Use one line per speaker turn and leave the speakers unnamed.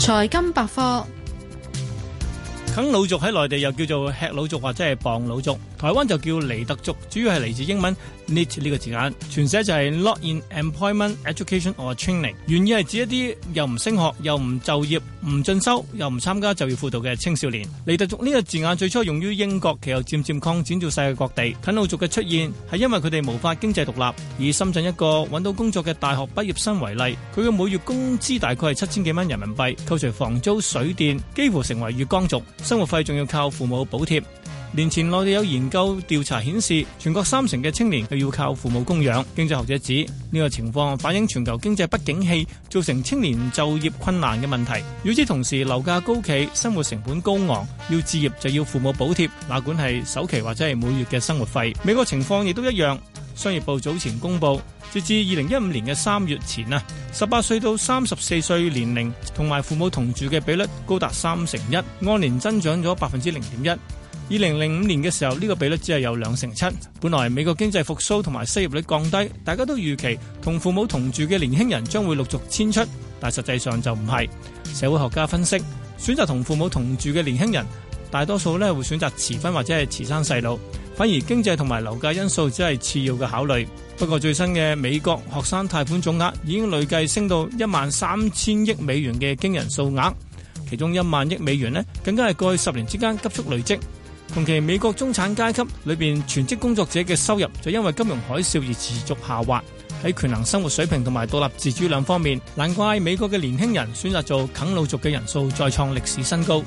財金百科，啃老族喺內地又叫做吃老族或者係傍老族。台灣就叫尼特族，主要係嚟自英文 NEET 呢個字眼，全寫就係 Not in Employment, Education or Training，原意係指一啲又唔升學、又唔就業、唔進修、又唔參加就業輔導嘅青少年。尼特族呢個字眼最初用於英國，其後漸漸擴展到世界各地。啃老族嘅出現係因為佢哋無法經濟獨立。以深圳一個揾到工作嘅大學畢業生為例，佢嘅每月工資大概係七千幾蚊人民幣，扣除房租、水電，幾乎成為月光族，生活費仲要靠父母補貼。年前，內地有研究調查顯示，全國三成嘅青年又要靠父母供養。經濟學者指呢個情況反映全球經濟不景氣，造成青年就業困難嘅問題。與之同時，樓價高企，生活成本高昂，要置業就要父母補貼，哪管係首期或者係每月嘅生活費。美國情況亦都一樣。商業部早前公佈，截至二零一五年嘅三月前，啊十八歲到三十四歲年齡同埋父母同住嘅比率，高達三成一，按年增長咗百分之零點一。二零零五年嘅時候，呢、這個比率只係有兩成七。本來美國經濟復甦同埋失業率降低，大家都預期同父母同住嘅年輕人將會陸續遷出，但實際上就唔係。社會學家分析，選擇同父母同住嘅年輕人大多數咧會選擇遲婚或者係遲生細路，反而經濟同埋樓價因素只係次要嘅考慮。不過最新嘅美國學生貸款總額已經累計升到一萬三千億美元嘅驚人數額，其中一萬億美元呢，更加係過去十年之間急速累積。同期美國中產階級裏邊全職工作者嘅收入，就因為金融海嘯而持續下滑。喺權衡生活水平同埋獨立自主兩方面，難怪美國嘅年輕人選擇做啃老族嘅人數再創歷史新高。